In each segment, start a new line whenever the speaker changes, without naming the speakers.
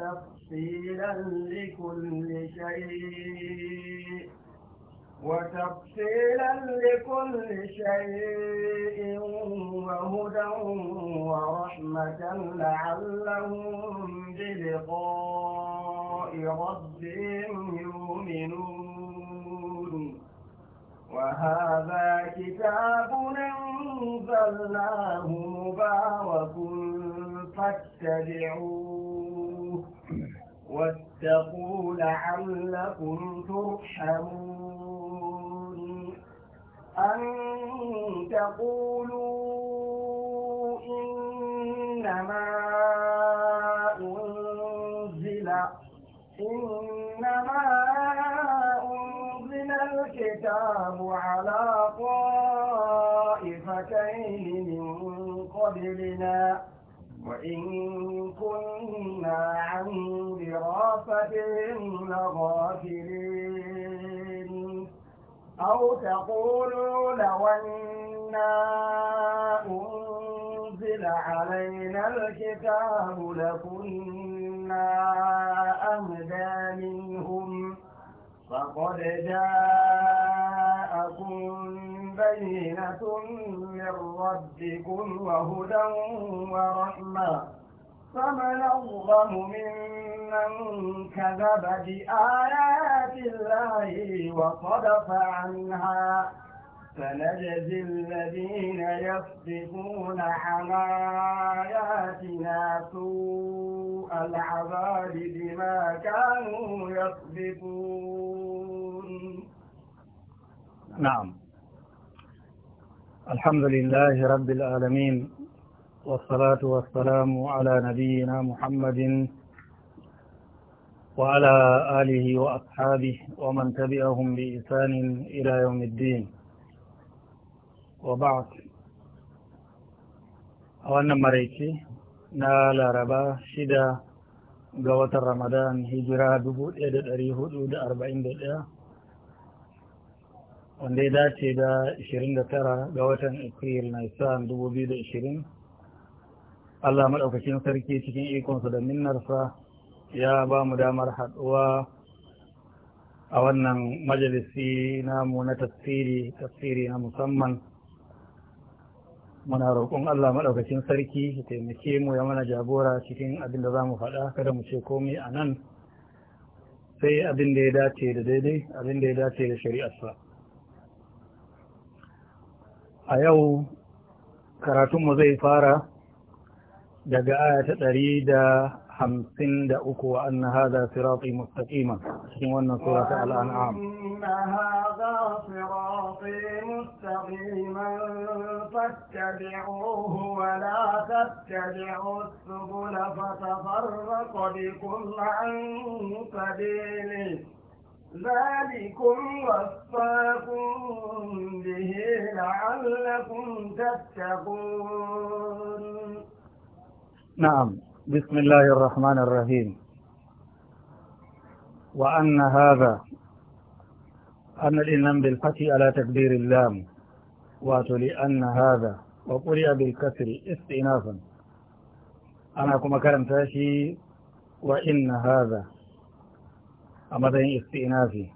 تفصيلا لكل شيء وتفصيلا لكل شيء وهدى ورحمة لعلهم بلقاء ربهم يؤمنون وهذا كتاب أنزلناه مبارك فاتبعوه واتقوا لعلكم ترحمون أن تقولوا إنما أنزل إنما أنزل الكتاب على طائفتين من قبلنا وإن كنا عن دراستهم لغافلين أو تقولوا لو أنا أنزل علينا الكتاب لكنا أهدى منهم فقد جاءكم بينة من ربكم وهدى ورحمة فمن أظلم ممن كذب بآيات الله وصدف عنها فنجزي الذين يصدفون عن آياتنا سوء العذاب بما كانوا يصدفون
نعم الحمد لله رب العالمين والصلاة والسلام على نبينا محمد وعلى آله وأصحابه ومن تبعهم بإحسان إلى يوم الدين وبعد أولا مريكي نال ربا شدة ga watan ramadan hijira 1441 wanda ya dace da 29 ga watan april na 2020 allah maɗaukacin sarki cikin ikonsa da minnarsa ya ba mu damar haɗuwa a wannan majalisi namu na tafsiri tafsiri na musamman muna roƙon allah maɗaukacin sarki ya taimake mu ya mana jagora cikin abin da za mu faɗa kada mu ce komai a nan sai abin da ya dace da daidai abin da ya dace da shari'arsa. a yau karatunmu zai fara daga aya ta ɗari da hamsin da uku wa an hada sirati mustaqima cikin wannan surata ta al'an'am
فاتبعوه ولا تتبعوا السبل فتفرق بكم عن سبيله ذلكم وصاكم به لعلكم تتقون
نعم بسم الله الرحمن الرحيم وأن هذا أن الإنم بالفتح على تكبير اللام وأن هذا وقرئ بالكسر استئنافا أنا كما كلمت شيء وإن هذا a matsayin istinafi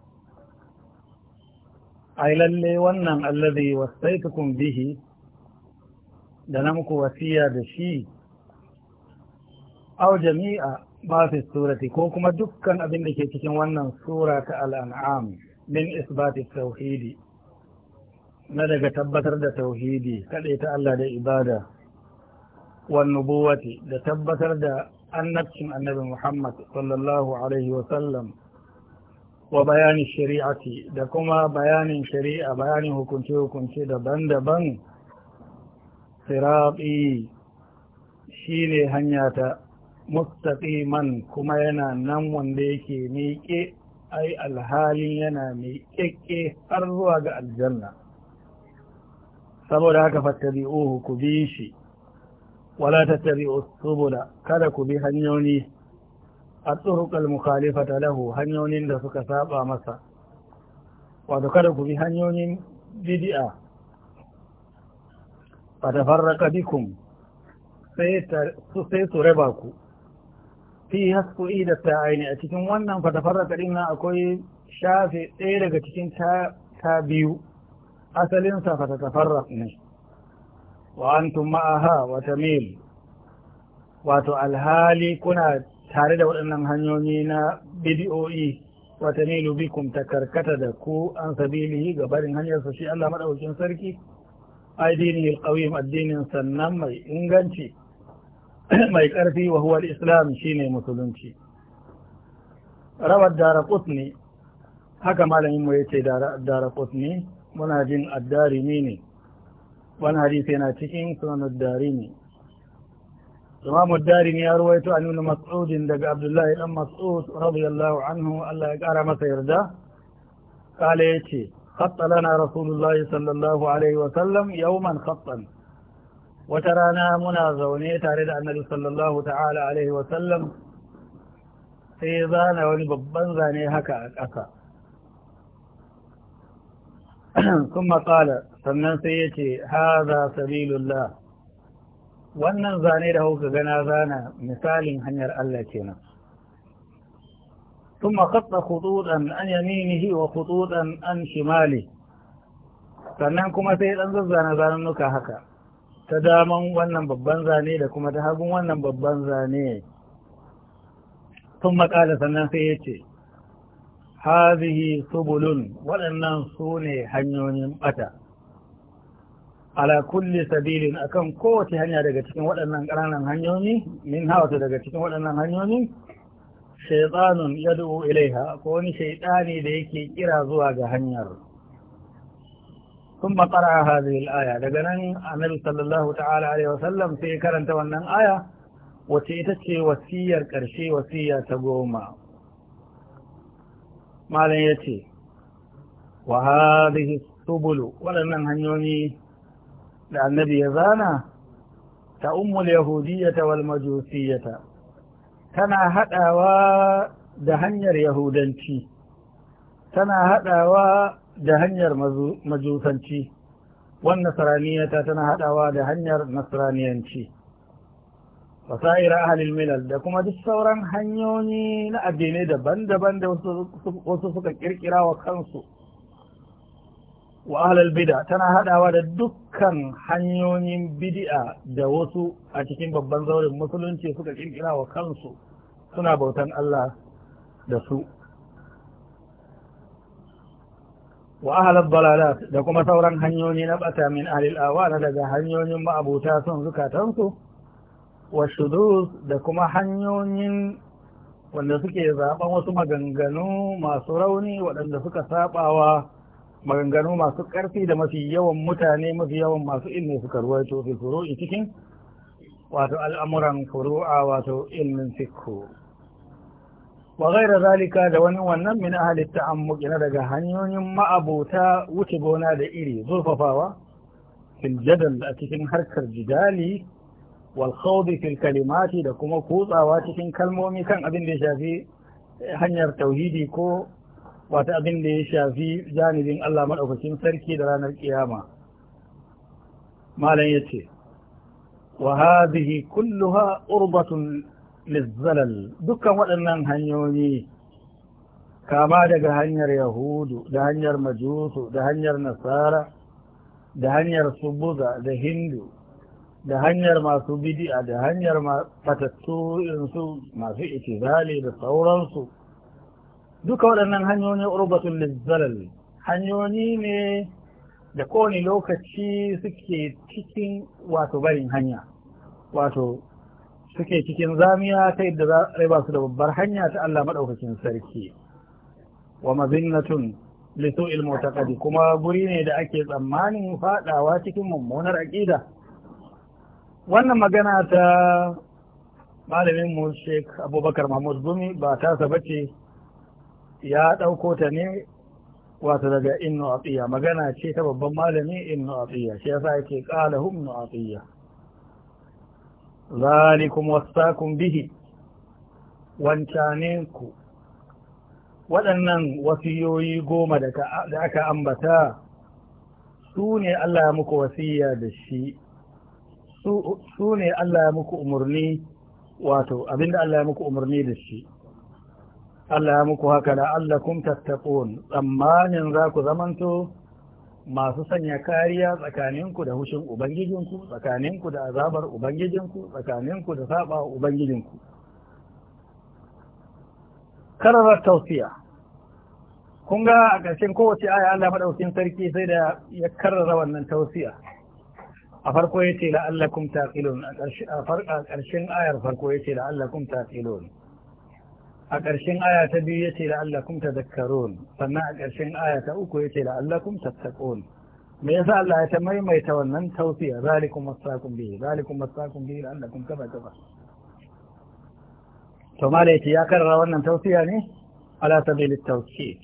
ai lalle wannan allazi wasaitukum bihi da na muku wasiya da shi au jami'a ma fi surati ko kuma dukkan abin da ke cikin wannan sura ta al'an'am min isbati tauhidi na daga tabbatar da tauhidi ta Allah da ibada wan nubuwati da tabbatar da annabcin annabi Muhammad sallallahu alaihi wa sallam wa bayanin shari'ati da kuma bayanin shari'a bayanin hukunce-hukunce daban-daban siraɗi shi ne hanya ta mustaqiman kuma yana nan wanda yake miƙe ai alhalin yana miƙeƙe har zuwa ga aljanna saboda haka fattabi'uhu ku bi shi wala tattabi'u subula kada ku bi hanyoyi الطرق المخالفة له هنيون Wato kada سابا مسا hanyoyin بهنيون بدئة فتفرق بكم sai su raba ku fi hasku ida ta aini a cikin wannan fatafarraka din nan akwai shafe ɗaya daga cikin ta biyu asalinsa fatatafarrak ne wa ma'aha wato alhali kuna tare da waɗannan hanyoyi na bidiyoyi wata ne bikum ta karkata da ku an sabili ga barin hanyar shi Allah maɗaukin sarki addini alqawim addinin sannan mai inganci mai ƙarfi wa huwa islam shine musulunci rawar dara qutni haka malamin mu yace dara qutni muna jin addari ne wani hadisi yana cikin sunan darimi إمام الدارمي يرويت عن ابن مسعود دق عبد الله بن مسعود رضي الله عنه الله يقرأ ما يرضى قال يتي خط لنا رسول الله صلى الله عليه وسلم يوما خطا وترانا منا زوني تارد النبي صلى الله تعالى عليه وسلم في zana wani babban هكا ثم قال ƙasa kuma هذا سبيل الله wannan zane da hauka gana zana misalin hanyar Allah kenan ثم خط خطوطا عن يمينه وخطوطا عن شماله sannan kuma sai dan zazzana nuka haka ta daman wannan babban zane da kuma ta hagun wannan babban zane sun makala sannan sai ya ce hazihi subulun waɗannan su ne hanyoyin ɓata ala kulli sabilin akan kowace hanya daga cikin waɗannan ƙananan hanyoyi min hawata daga cikin waɗannan hanyoyi shaytanun yad'u ilaiha, ko wani shaytani da yake kira zuwa ga hanyar kuma qara hadhihi al daga nan annabi sallallahu ta'ala alaihi sai karanta wannan aya wace ita ce wasiyar karshe wasiya ta goma malam yace wa hadhihi subulu waɗannan hanyoyi da annabi ya zana ta ummul yahudiyyata wal majusiyyata tana haɗawa da hanyar yahudanci tana haɗawa da hanyar majusanci wannan nasraniyata tana haɗawa da hanyar nasraniyanci wasa'ir ahalil milal da kuma duk sauran hanyoyi na addinai daban-daban da wasu suka kirkira wa kansu wa ahlal bid'a tana hadawa da dukkan hanyoyin bid'a da wasu a cikin babban zauren musulunci suka kirkira wa kansu suna bautan Allah da su wa ahlal dalalat da kuma sauran hanyoyi na bata min ahlil daga hanyoyin ma'abuta son zukatansu wa shudus da kuma hanyoyin wanda suke zaben wasu maganganu masu rauni waɗanda suka sabawa maganganu masu ƙarfi da mafi yawan mutane mafi yawan masu ilmi suka ruwaito fi cikin wato al'amuran furu'a wato ilmin fikhu wa ghaira zalika da wani wannan min ahli ta'ammuq mukina daga hanyoyin ma'abuta wuce gona da iri zurfafawa fil jadal a cikin harkar jidali wal khawd fil kalimati da kuma kutsawa cikin kalmomi kan abin da ya shafi hanyar tauhidi ko wata abin da ya shafi janibin Allah maɗaukakin sarki da ranar ƙiyama malam ya ce wa hadhihi kulluha urbatun lizzalal dukkan waɗannan hanyoyi kama daga hanyar yahudu da hanyar majusu da hanyar nasara da hanyar subuga da hindu da hanyar masu bidi'a da hanyar matattu su masu itizali da sauransu duka waɗannan hanyoyin urbatun lizzalal hanyoyi ne da kowane lokaci suke cikin wato barin hanya wato suke cikin zamiya ta yadda za a ba su da babbar hanya ta Allah maɗaukakin sarki wa mazinnatun ta kadi kuma guri ne da ake tsammanin faɗawa cikin mummunar aƙida wannan magana ta malamin mu Sheikh Abubakar Mahmud Gumi ba ta sabace ya ɗauko ta ne wato daga innu atiya magana ce ta babban malami innu atiya shi ya yasa yake qala za ni atiya zalikum wasaqum bihi wancanin ku waɗannan wasiyoyi goma da aka ambata su ne Allah ya muku wasiya da shi su ne Allah ya muku umarni wato abinda Allah ya muku umarni da shi Allah ya muku haka la'allakum tattaqun tsammanin za ku zamanto masu sanya kariya tsakaninku da hushin ubangijinku tsakaninku da azabar ubangijinku tsakaninku da saɓa ubangijinku kararar tausiya kun ga a ƙarshen kowace aya Allah madaukin sarki sai da ya karrara wannan tausiya a farko ya ce la'allakum taqilun a ƙarshen ayar farko ya ce la'allakum taqilun a ƙarshen aya ta biyu ya ce la'allakum tadhakkarun sannan a ƙarshen aya ta uku ya ce la'allakum tattaqun me ya sa Allah ya ta maimaita wannan tawfiya zalikum wasaqum bihi zalikum wasaqum bihi la'allakum gaba to malaiti ya karara wannan tawfiya ne ala sabilit tawkid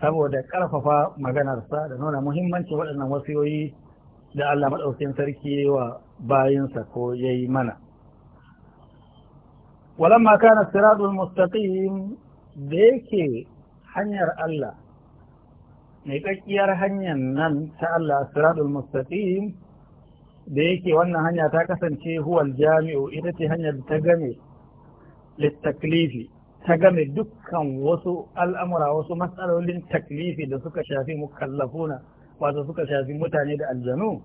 saboda karfafa maganarsa da nuna muhimmanci waɗannan wasiyoyi da Allah madaukakin sarki wa bayinsa ko ya yi mana walamma kana siratul mustaqim da yake hanyar Allah mai kakkiyar hanyar nan ta Allah siratul mustaqim da yake wannan hanya ta kasance huwal jami'u ita ce hanyar ta game littaklifi ta game dukkan wasu al'amura wasu matsalolin taklifi da suka shafi mukallafuna wato suka shafi mutane da aljanu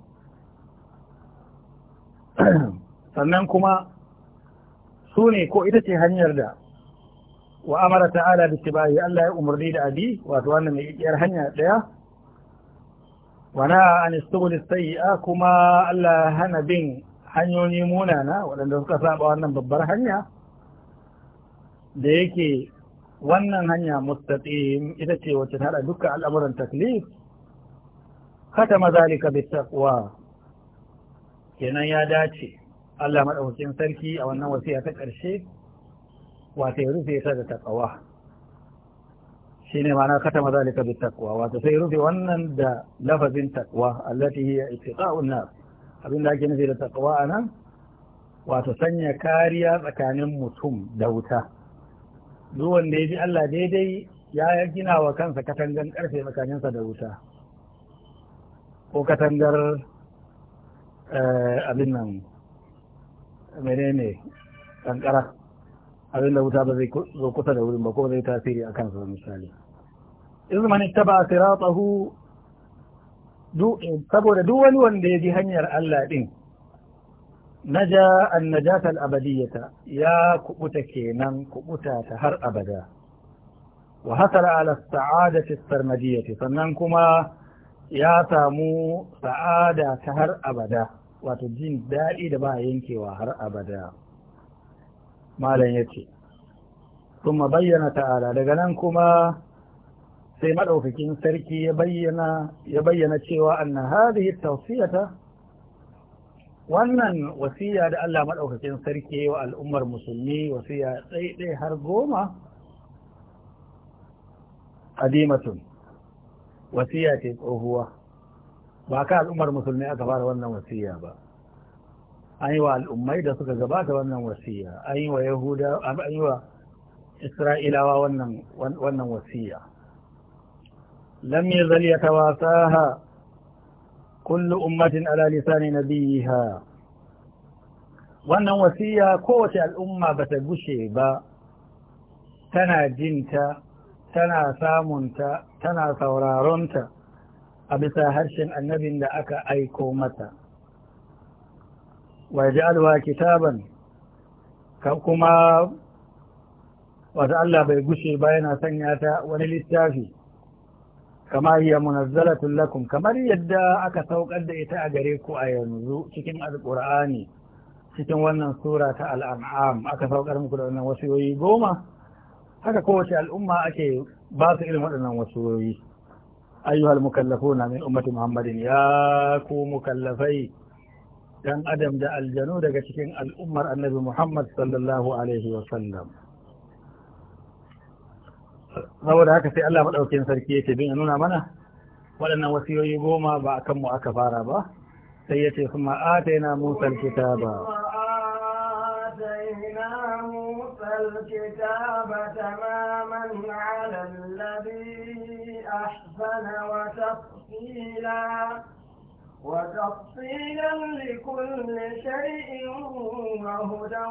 sannan kuma su ko ita ce hanyar da wa amara ta'ala bi tibai Allah ya umarni da abi wato wannan mai kiyar hanya daya wa na an istughli sayi'a kuma Allah hana bin hanyoyi munana waɗanda suka saba wannan babbar hanya da yake wannan hanya mustaqim ita ce wacce ta hada dukkan al'amuran taklif khatama zalika bi taqwa kenan ya dace Allah maɗaukakin sarki a wannan wasiya ta ƙarshe wata ya rufe ta da taƙawa shi ne ma'ana kata maza da kabin taƙawa wata sai rufe wannan da lafazin taƙwa allati ita ƙa'un na abin da ake nufi da taƙawa a nan wato sanya kariya tsakanin mutum da wuta duk wanda ya ji Allah daidai ya gina wa kansa katangar ƙarfe tsakaninsa da wuta ko katangar eh, abin nan menene kankara abinda wuta ba zai zo kusa da wurin ba ko zai tasiri a kansa misali izman ittaba siratahu saboda duk wani wanda ya ji hanyar Allah din naja an najata al ya kubuta kenan kubuta ta har abada wa hasala ala sa'adati sarmadiyati sannan kuma ya samu sa'ada ta har abada wato jin daɗi da ba yankewa har abada malam ya ce kuma bayyana ta'ala daga nan kuma sai maɗaukakin sarki ya bayyana cewa anna hadhihi tawsiyata wannan wasiya da Allah maɗaukakin sarki wa al'ummar musulmi wasiya ɗaiɗai har goma adimatun wasiya ce tsohuwa ba ka al'ummar musulmi aka fara wannan wasiya ba an yi wa al'ummai da suka gabata wannan wasiya an yi wa yahuda an yi wa isra'ilawa wannan wannan wasiya lam yazal yatawasaha kullu ummatin ala lisani nabiha wannan wasiya kowace al'umma ba ta gushe ba tana jinta tana samunta tana sauraronta a bisa harshen annabin da aka aiko mata waje'alwa kitaban ka kuma wata Allah bai gushe ba yana sanya ta wani littafi kama hiya munazzalatun lakum kamar yadda aka saukar da ita a gare ku a yanzu cikin alqur'ani cikin wannan sura ta al'an'am aka saukar muku da wannan yoyi goma haka kowace al'umma ake ba su irin waɗannan yoyi. ayyuhal mukallafuna min ummati muhammadin ya ku mukallafai dan adam da aljanu daga cikin al'ummar annabi muhammad sallallahu alaihi wa sallam saboda haka sai Allah madaukakin sarki yake bin nuna mana waɗannan wasiyoyi goma ba a mu aka fara ba sai yace kuma ataina musa alkitaba
آتينا موسى الكتاب تماما على الذي أحسن وتفصيلا وتفصيلا لكل شيء وهدى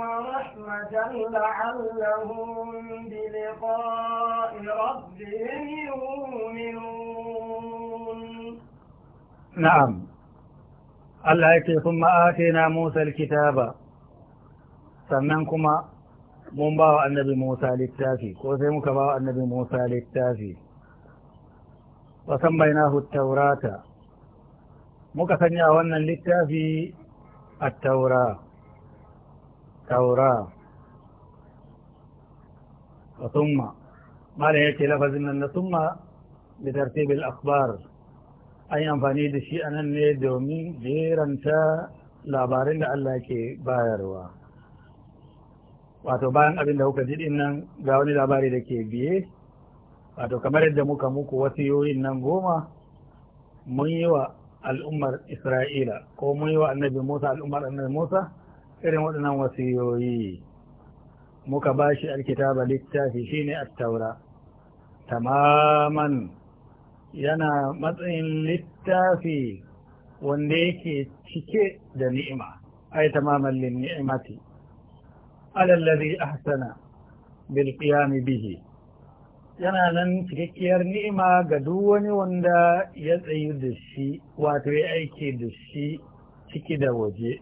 ورحمة لعلهم بلقاء ربهم يؤمنون
نعم الله يكفي ثم آتينا موسى الكتاب سننكما من باب النبي موسى للتافي وسيمك باب النبي موسى للتافي Wasan sammainahu taurata muka sanya wannan littafi a taura taura wa summa malam yake lafazin nan na summa da tartibil akhbar an yi amfani da shi anan ne domin jeranta labarin da Allah ke bayarwa wato bayan abin da kuka ji nan ga wani labari da ke biye wato kamar yadda muka muku wasiyoyin nan goma mun yi wa al'ummar isra'ila ko mun yi wa annabi musa al'ummar annabi musa irin waɗannan wasiyoyi muka ba shi alkitaba littafi shi ne attaura tamaman yana matsayin littafi wanda yake cike da ni'ima ai tamaman lin ni'imati alallazi ahsana bil qiyam bihi yana nan cikakkiyar ni'ima ga duk wani wanda ya tsayi da shi wato ya aike da shi ciki da waje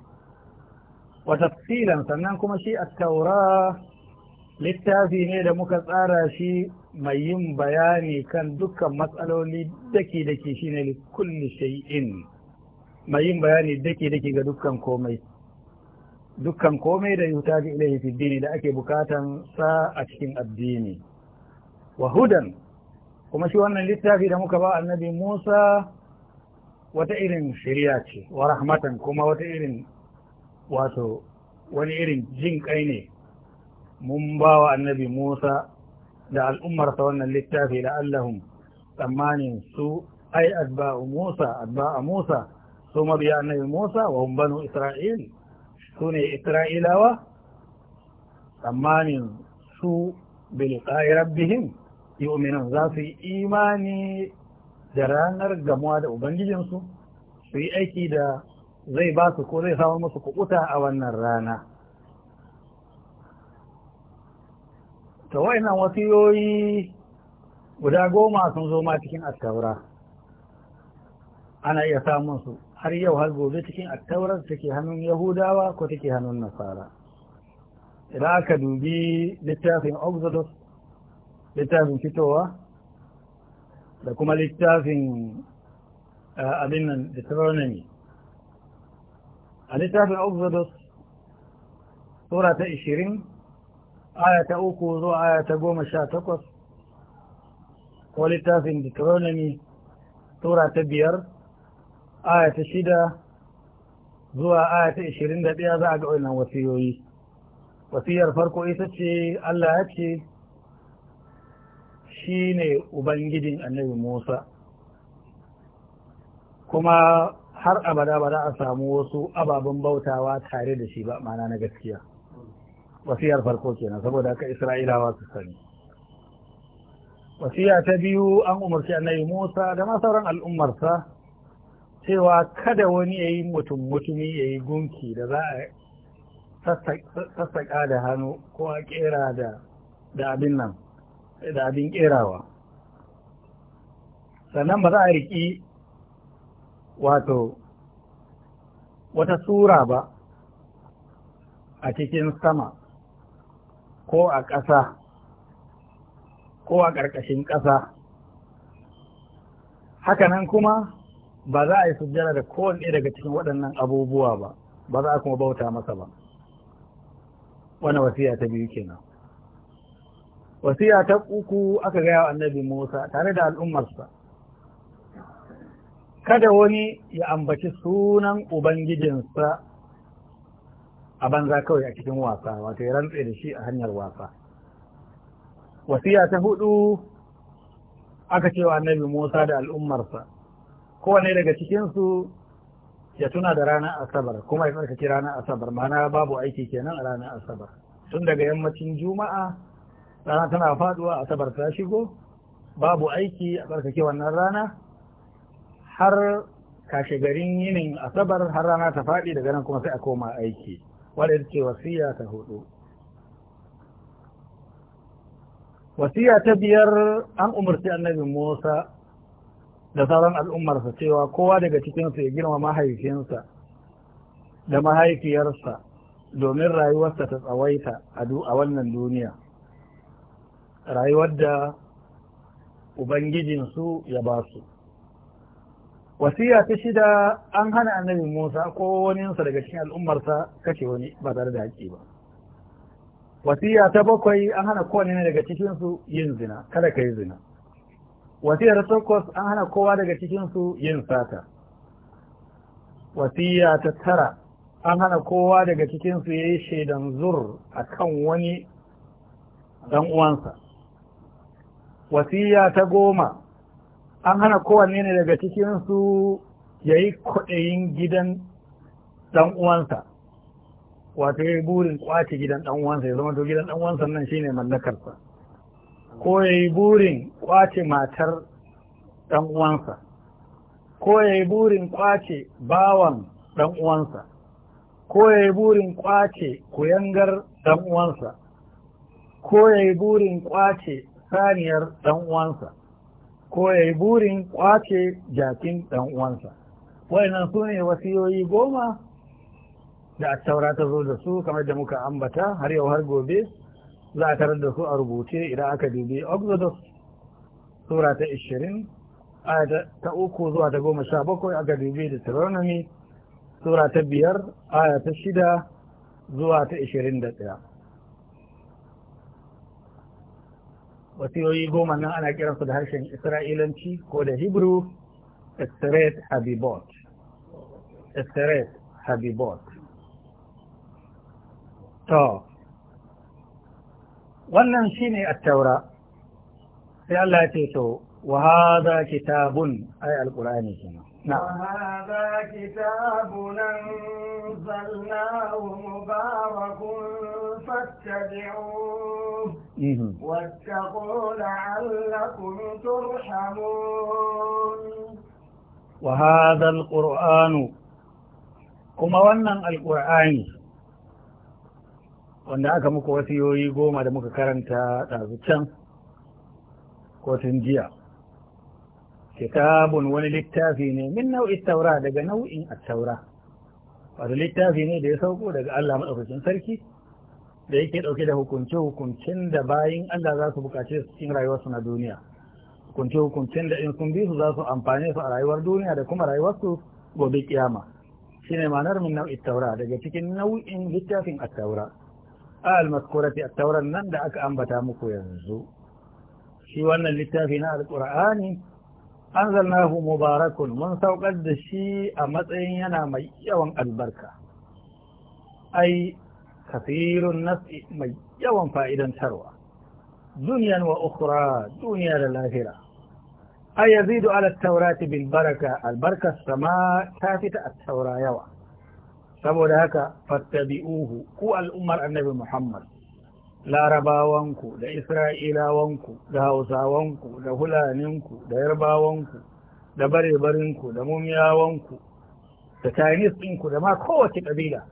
Wata filan sannan kuma shi a taura littafi ne da muka tsara shi mai yin bayani kan dukkan matsaloli dake dake shi ne kulli shay'in mai yin bayani dake dake ga dukkan komai dukkan komai da yuta ga ilahi fi da ake bukatan sa a cikin addini wa hudan kuma shi wannan littafi da muka ba annabi Musa wata irin shirya ce wa rahmatan kuma wata irin wato wani irin jin kai ne mun ba wa annabi Musa da al'ummarsa wannan littafi la'allahum tsammanin su ai adba'u Musa adba'a Musa su mabiya annabi Musa wa hum banu Isra'il su ne Isra'ilawa tsammanin su biliqa'i rabbihim yominan za su yi imani da ranar gamuwa da ubangijinsu su yi aiki da zai ba su ko zai samu masu kukuta a wannan rana ta wa'inan yoyi guda goma sun zo ma cikin attaura ana iya samun su har yau har gobe cikin attaura take hannun yahudawa ko take hannun nasara idan aka dubi littafin oxodus littafin fitowa da kuma littafin eh, abin nan deuteronomy a littafin exodus sura ta 20 aya ta uku zuwa aya ta goma sha takwas ko littafin deuteronomy sura ta biyar aya ta shida zuwa aya ta ishirin da ɗaya za a ga wannan wasiyoyi wasiyar farko ita ce Allah ya ce shi ne ubangijin annabi musa kuma har abada ba za a samu wasu ababen bautawa tare da shi ba mana na gaskiya wasiyar farko kenan saboda haka isra'ilawa su sani wasiya ta biyu an umarci annabi musa da ma sauran al'ummarsa cewa kada wani ya yi mutum mutumi ya yi gunki da za a sassaƙa da hannu ko a ƙera da abin nan da abin kerawa sannan ba za a riƙi wato wata sura ba a cikin sama ko a ƙasa ko a ƙarƙashin ƙasa hakanan kuma ba za a yi sujjara da kowanne daga cikin waɗannan abubuwa ba ba za a kuma bauta masa ba wani wasiya ta biyu kenan wasiya ta uku aka gaya wa annabi Musa tare da al'ummarsa kada wani ya ambaci sunan ubangijinsa a banza kawai a cikin wasa wato ya rantse da shi a hanyar wasa wasiya ta hudu aka cewa annabi Musa da al'ummarsa kowane daga cikinsu ya tuna da ranar asabar kuma ya tsarkake ranar asabar ma'ana babu aiki kenan a ranar asabar tun daga yammacin juma'a rana tana faduwa asabar ta shigo babu aiki a tsarkake wannan rana har kashe garin yinin asabar har rana ta faɗi daga nan kuma sai a koma aiki wadda ita ce wasiya ta hudu wasiya ta biyar an umarci annabi musa da sauran al'ummarsa cewa kowa daga cikinsu ya girma mahaifinsa da mahaifiyarsa domin rayuwarsa ta tsawaita a wannan duniya rayuwar da ubangijinsu ya ba su wasiya ta shida an hana annabi musa ko waninsa daga cikin al'ummarsa kashe wani ba tare da haƙƙi ba wasiya ta bakwai an hana kowane daga cikinsu yin zina kada ka yi zina wasiyar takwas an hana kowa daga cikinsu yin sata wasiya ta tara an hana kowa daga cikinsu ya yi shaidan zur a kan wani ɗan uwansa wasiya ta goma an hana kowanne ne daga cikinsu ya yi kwaɗayin gidan ɗan uwansa wato ya yi burin ƙwace gidan ɗan uwansa ya zama to gidan ɗan uwansa nan shine mallakarsa ko ya yi burin ƙwace matar ɗan uwansa ko ya yi burin kwace bawan ɗan uwansa ko ya yi burin ƙwace kuyangar ɗan uwansa ko ya yi burin kwace saniyar ɗan'uwansa uwansa ko ya yi burin kwace jakin ɗan'uwansa uwansa wayannan su ne wasiyoyi goma da attaura ta zo da su kamar da muka ambata har yau har gobe za a tarar da su a rubuce idan aka dubi exodus sura ta 20 aya ta uku zuwa ta goma sha bakwai aka dubi deuteronomy sura ta biyar aya ta shida zuwa ta 21 wasiyoyi goma nan ana kiransu da harshen isra'ilanci ko da hebrew esteret habibot esteret habibot to wannan shine a taura sai Allah ya ce to wa hadha kitabun ay al-qur'ani kenan
وهذا كتاب أنزلناه مبارك فاتبعوه واتقوا لعلكم ترحمون
وهذا القرآن كما ونن القرآن wanda aka muku wasiyoyi goma da muka karanta ɗazu can ko tun jiya kitabun wani littafi ne min nau'i taura daga nau'in attaura wato littafi ne da ya sauko daga Allah maɗaukakin sarki da yake ɗauke da hukunce hukuncin da bayan Allah za su buƙace su cikin rayuwarsu na duniya hukunce hukuncin da in sun bi su za su amfane su a rayuwar duniya da kuma rayuwarsu gobe kiyama shine ma'anar min nau'in taura daga cikin nau'in littafin attaura a almaskurati attauran nan da aka ambata muku yanzu shi wannan littafi na alƙur'ani أنزلناه مبارك من سوق الدشي أمتين ينام يوان البركة أي كثير النفع من يوان فائدا تروى دنيا وأخرى دنيا للآخرة أي يزيد على التوراة بالبركة البركة السماء تافتة التوراة يوى سبو لهك فاتبئوه هو الأمر النبي محمد larabawanku da isra'ilawanku da hausawanku da hulaninku da yarbawanku da barebarinku da mumiyawanku da chinese ɗinku da ma kowace ƙabila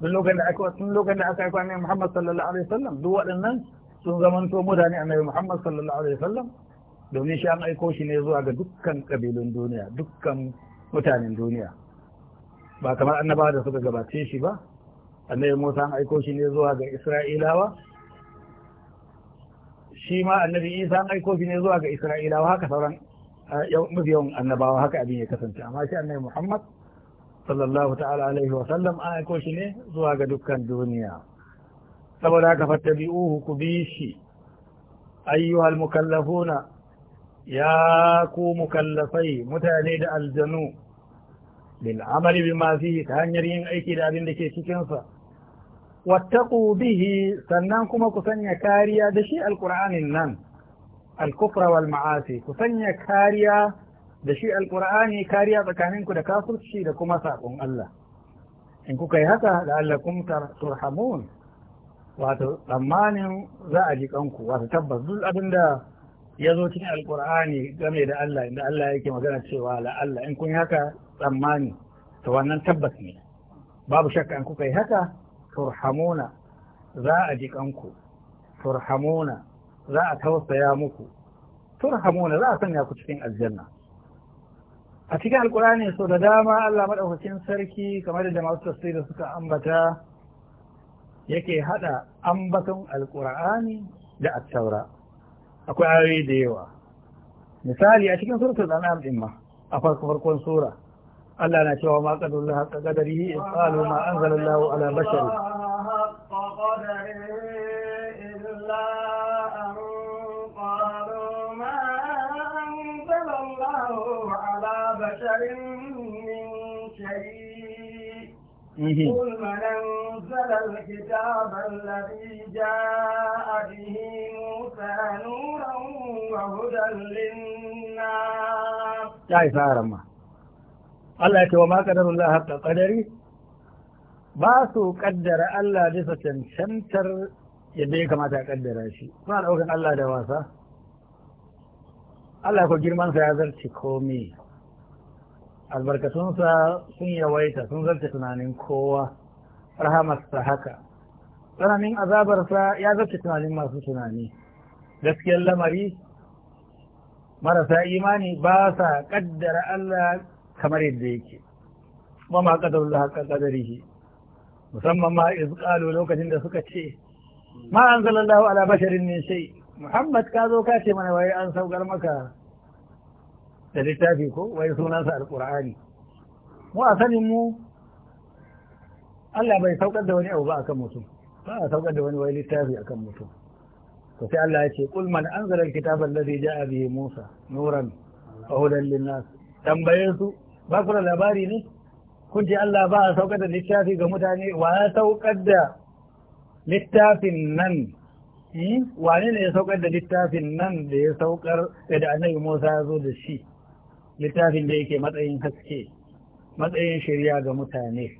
duk lokacin da aka tun lokacin da aka aika annabi Muhammad sallallahu alaihi wasallam duk waɗannan sun zamanto mutane annabi Muhammad sallallahu alaihi wasallam domin shi an aiko shi ne zuwa ga dukkan ƙabilun duniya dukkan mutanen duniya ba kamar annabawa da suka gabace shi ba annabi Musa an aiko shi ne zuwa ga Isra'ilawa shi ma annabi isa an aiko shi ne zuwa ga isra'ilawa haka sauran eh, mafi yawan annabawa haka abin ya kasance amma shi annabi muhammad sallallahu ta'ala alaihi wa sallam an aiko shi ne zuwa ga dukkan duniya
saboda haka
uhu ku bi shi ayyuhal mukallafuna ya ku mukallafai mutane da aljanu bil amali bima fihi ta hanyar yin aiki da abin da ke cikinsa واتقوا به سنان كما كثني كاريا دشي القرآن النان الكفر والمعاصي كثني كاريا دشي القرآن كاريا فكانين كده كافر تشي لكما ساقون الله إن كي هكا لعلكم ترحمون واتمان زاجك أنكو واتتبس ذو الأبن يزو يزوتني القرآن جميع دا الله إن الله يكي مغانا تشيوها لألا إن كي هكا تماني توانا تبسني باب شك أنكو كي هكا turhamuna za a ji kanku turhamuna za a tausaya muku turhamuna za a sanya ku cikin aljanna a cikin alkurani so da dama Allah madaukakin sarki kamar da masu da suka ambata yake hada ambaton alkur'ani da attaura akwai ayoyi da yawa misali a cikin suratul an'am din ma a farkon sura Allah na cewa ma qadarullah haqqa qadarihi in qalu ma anzalallahu ala bashari قل
من أنزل الكتاب الذي جاء به موسى نورا وهدى للناس.
يا إسارة Allah ya ce wa ma Allah haqqa ƙadari ba su kaddara Allah bisa cancantar yadda ya kamata a kaddara shi suna daukan Allah da wasa Allah ko girmansa ya zarce komai albarkatunsa sun yawaita sun zarce tunanin kowa rahamarsa haka tsananin azabarsa ya zarce tunanin masu tunani gaskiyar lamari marasa imani ba sa kaddara Allah kamar yadda yake kuma ma haƙa haqqa qadarihi musamman ma iz qalu lokacin da suka ce ma an anzalallahu ala basharin min sai muhammad ka zo ka ce mana wai an saukar maka da littafi ko wai sunansa alƙur'ani mu a sanin mu Allah bai saukar da wani abu ba akan mutum ba a saukar da wani wai littafi akan mutum to sai Allah ya ce qul man anzala alkitaba alladhi ja'a bihi Musa nuran wa hudan linnas tambaye su ba ku da labari ne kun ji Allah ba a saukar da littafi ga mutane wa ya saukar da littafin nan hmm? wane ne ya saukar da littafin nan da ya saukar da annabi Musa ya zo da shi littafin da yake matsayin haske matsayin shirya ga mutane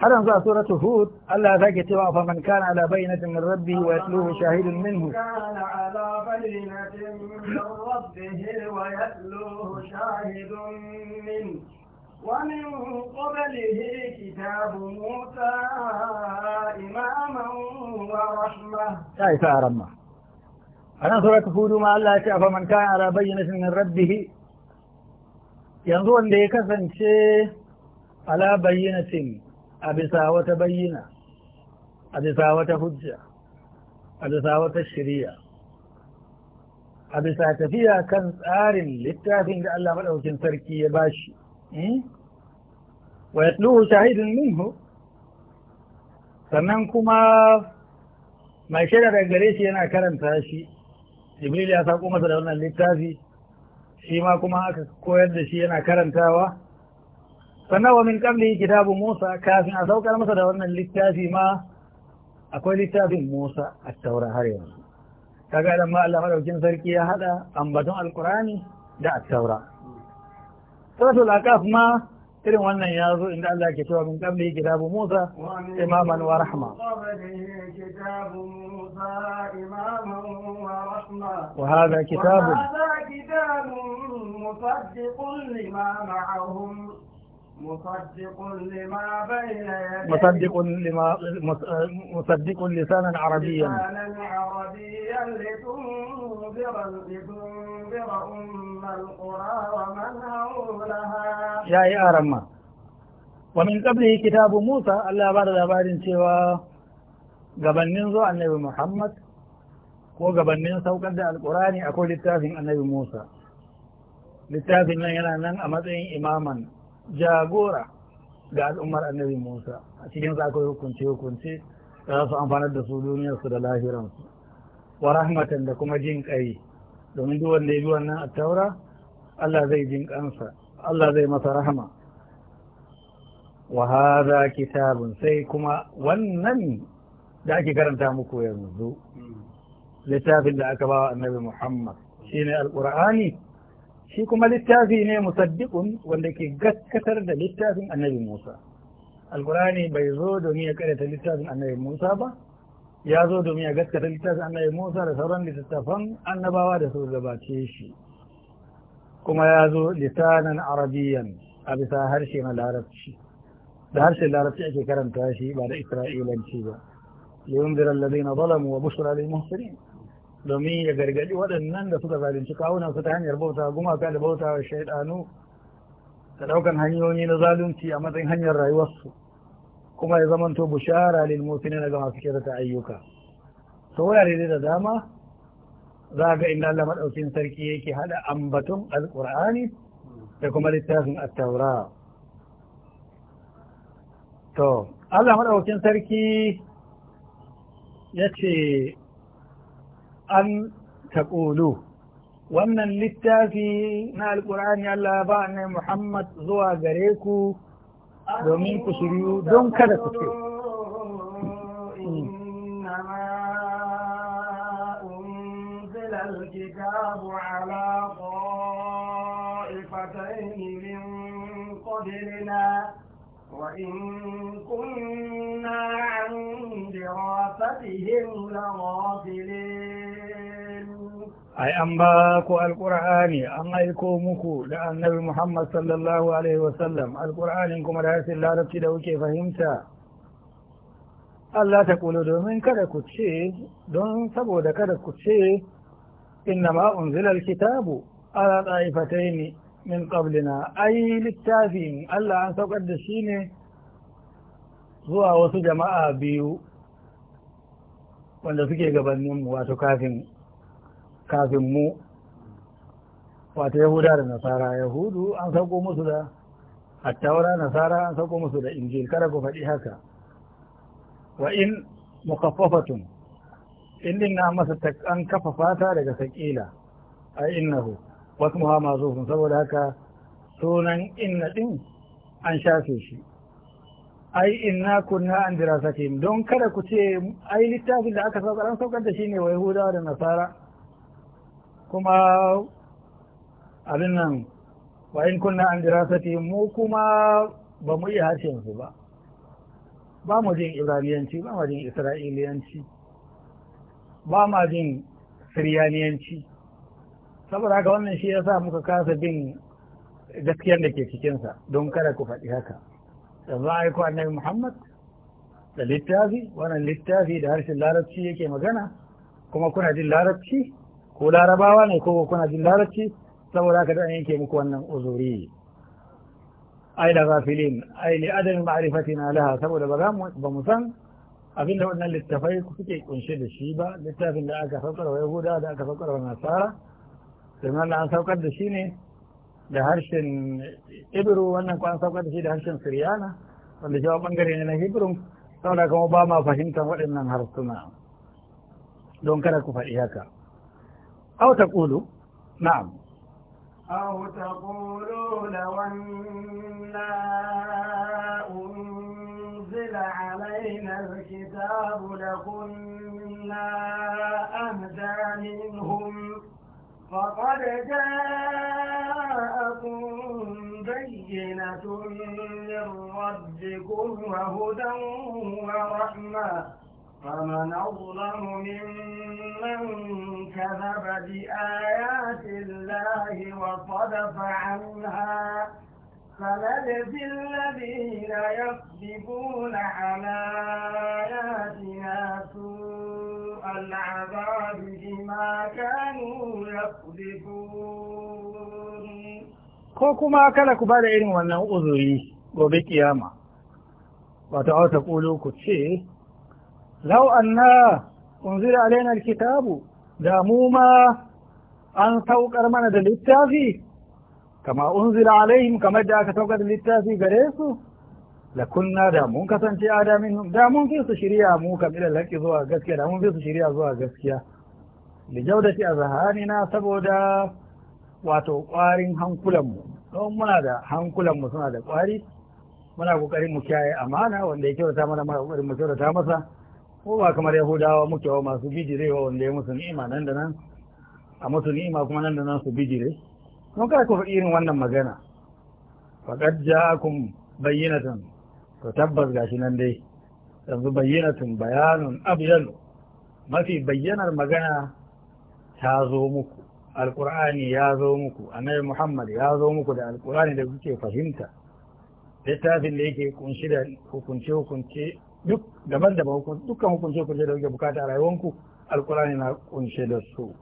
هل انظر سورة هود ألا ذاك اتباع فمن كان على بينة من ربه ويتلوه شاهد منه
كان على بينة من ربه ويتلوه شاهد منه ومن قبله كتاب موسى إماما ورحمة
كيف أرمى أنا سورة هود ما ألا يتباع فمن كان على بينة من ربه ينظر لك فانشي على بينة منه a bisa wata bayyana a bisa wata hujja a bisa wata shirya a bisa tafiya kan tsarin littafin da Allah maɗaukin sarki ya bashi hmm? wa yatluhu shahidun minhu sannan kuma mai shaida daga gare shi yana karanta shi jibril ya sako masa da wannan littafi shi ma kuma aka koyar da shi yana karantawa sannan wa min qabli kitabu Musa kafin a saukar masa da wannan littafi ma akwai littafin Musa a taura har yanzu kaga ga ma Allah madaukin sarki ya hada ambaton alqurani da at-taura suratul aqaf ma irin wannan ya zo inda Allah ke cewa min qabli kitabu Musa imaman wa rahma
wa hadha kitabun musaddiqun lima ma'ahum مصدق لما بين مصدق
لما مصدق لسانا عربيا
لسانا عربيا لتنذر لتنذر أم القرى ومن حولها يا
يا أرمى ومن قبله كتاب موسى الله بعد بعد سوى قبل ننزو النبي محمد وقبل ننزو قد القرآن أقول للتافه النبي موسى للتافه من ينال أمتين إماما jagora ga al'ummar annabi musa a cikin sa akwai hukunce hukunce da za su amfanar da su duniyarsu da lahiransu wa rahmatan da kuma jin kai domin duk wanda ya bi wannan attaura Allah zai jin kansa Allah zai masa rahama wa hadha kitabun sai kuma wannan da ake karanta muku yanzu littafin da aka bawa annabi Muhammad shine alqur'ani shi kuma littafi ne musaddiqun wanda ke gaskatar da littafin annabi Musa alkurani bai zo domin ya karanta littafin annabi Musa ba ya zo domin ya gaskata littafin annabi Musa da sauran littattafan annabawa da su gabace shi kuma ya zo lisanan arabiyan a bisa harshe na larabci da harshen larabci ake karanta shi ba da isra'ilanci ba liyunzira alladhina zalamu wa bushra lil muhsinin domin ya gargaɗi waɗannan da suka zalunci kawunan su ta hanyar bauta gumaka da bauta wa shaidanu da ɗaukan hanyoyi na zalunci a matsayin hanyar rayuwarsu kuma ya zamanto bushara lil mu'minin daga masu ta ayyuka to wurare da dama za ga inda Allah madaukin sarki yake hada ambaton alqur'ani da kuma littafin at-taura to Allah madaukin sarki yace an taƙolo wannan littafi na alƙur'ani Allah ba ne Muhammad zuwa gare ku domin ku shiryu don kada ku ce.
الكتاب على وإن كنا عن دراستهم لغافلين
ai an ba ku alƙur'ani an aiko muku da annabi muhammad sallallahu alaihi wasallam alƙur'anin kuma da hasin larabci da kuke fahimta Allah ta kulo domin kada ku ce don saboda kada ku ce inna ma unzila alkitabu ala ta'ifataini min qablina ai littafin Allah an saukar da shi ne zuwa wasu jama'a biyu wanda suke mu wato kafin kafin mu wata yahuda da nasara yahudu an sauko musu da attawara nasara an sauko musu da injil kada ku faɗi haka wa in mukaffafatun in din na masa an kafa fata daga sakila ai innahu wasu muha masu saboda haka sunan inna din an shafe shi ai inna kunna an dirasatim don kada ku ce ai littafin da aka saukar an saukar da shi ne wa yahudawa da nasara kuma abin nan wa in kunna an dirasati mu kuma ba mu iya harshen su ba ba mu jin iraniyanci ba mu jin isra'iliyanci ba mu jin siriyaniyanci saboda haka wannan shi yasa muka kasa bin gaskiyar da ke cikinsa don kada ku faɗi haka yanzu aiko annabi muhammad da littafi wannan littafi da harshen larabci yake magana kuma kuna jin larabci ko larabawa ne ko kuna jin larabci saboda haka dan yanke muku wannan uzuri ai da gafilin ai li adam ma'rifatina laha saboda ba za mu ba mu san
abinda wannan littafai
suke kunshe da shi ba littafin da aka saukar wa yahuda da aka saukar wa nasara domin Allah an saukar da shi ne da harshen ibiru wannan ko an saukar da shi da harshen siriyana wanda shi bangare ne na hebron saboda kuma ba ma fahimtar waɗannan harsuna don kada ku faɗi haka أو تقول نعم
أو تقول لو أنا أنزل علينا الكتاب لكنا أهدى منهم فقد جاءكم بينة من ربكم وهدى ورحمة فمن أظلم ممن كذب بآيات الله وصدف عنها فنجزي الذين يكذبون على آياتنا سوء العذاب بما كانوا يكذبون
ko kuma kada ku bada irin wannan uzuri gobe kiyama wato auta kulu ku ce lau anna unzila alaina alkitabu da mu ma an saukar mana da littafi kama unzila alaihim kamar da aka saukar da littafi gare su la kunna da mun kasance adamin da mun fi su shirya mu kam ila zuwa gaskiya da mun fi su shirya zuwa gaskiya da jaudati a zahanina saboda wato ƙwarin hankulanmu don muna da hankulanmu suna da ƙwari muna ƙoƙarin mu kiyaye amana wanda ya kyauta mana muna ƙoƙarin kyautata masa ko ba kamar yahudawa muke wa masu wa wanda ya musu ni'ima nan da nan a musu ni'ima kuma nan da nan su bijire kuma kada ku faɗi irin wannan magana faqad ja'akum bayyinatan to tabbas gashi nan dai yanzu bayyinatun bayanun abyan mafi bayyanar magana ta zo muku Alƙur'ani ya zo muku annabi muhammad ya zo muku da Alƙur'ani da kuke fahimta littafin da yake kunshi da hukunce hukunce duk daban-daban dukkan hukunce da kuke bukata a rayuwanku alkurani na kunshe da su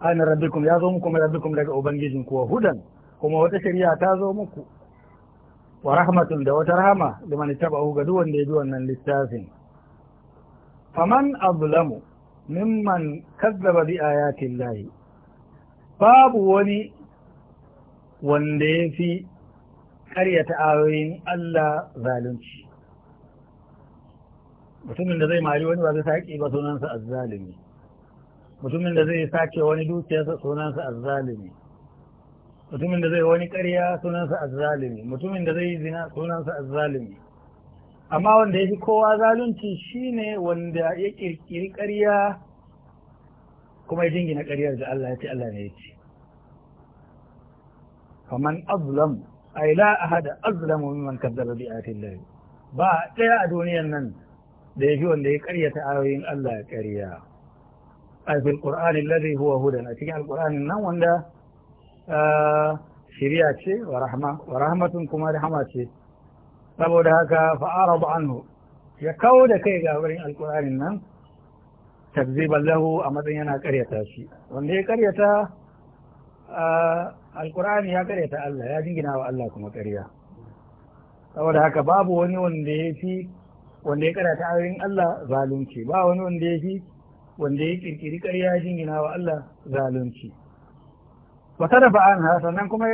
an rabbikum ya zo muku rabbikum daga ubangijin kuwa hudan kuma wata shari'a ta zo muku wa rahmatun da wata rahama da man tabahu ga duk wanda ya bi wannan littafin faman azlamu mimman kazzaba bi ayatin babu wani wanda ya fi karyata ayoyin Allah zalunci mutumin da zai mari wani ba zai sake ba sunansa azzalimi mutumin da zai sake wani dukiyarsa sunansa azzalimi mutumin da zai wani ƙarya sunansa azzalimi mutumin da zai zina sunansa azzalimi amma wanda ya fi kowa zalunci shine wanda ya ƙirƙiri ƙarya kuma ya jingina ƙaryar da Allah ya ce Allah ne ya ce faman azlam ai la ahada azlamu mimman kadzdzaba bi llahi ba ɗaya a duniyar nan da yafi wanda ya karyata ayoyin Allah ƙarya ai fil qur'ani alladhi huwa hudan ati cikin qur'ani nan wanda shiriya ce wa rahma wa rahmatun kuma rahma ce saboda haka fa'ara anhu ya kawo da kai ga wurin qur'ani nan takziban lahu a matsayin yana karyata shi wanda ya karyata alkur'ani ya karyata Allah ya jingina wa Allah kuma ƙarya saboda haka babu wani wanda ya fi wanda ya karata ayoyin Allah zalunci ba wani wanda ya fi wanda ya kirkiri ƙarya ya jingina wa Allah zalunci wa sadafa anha sannan kuma ya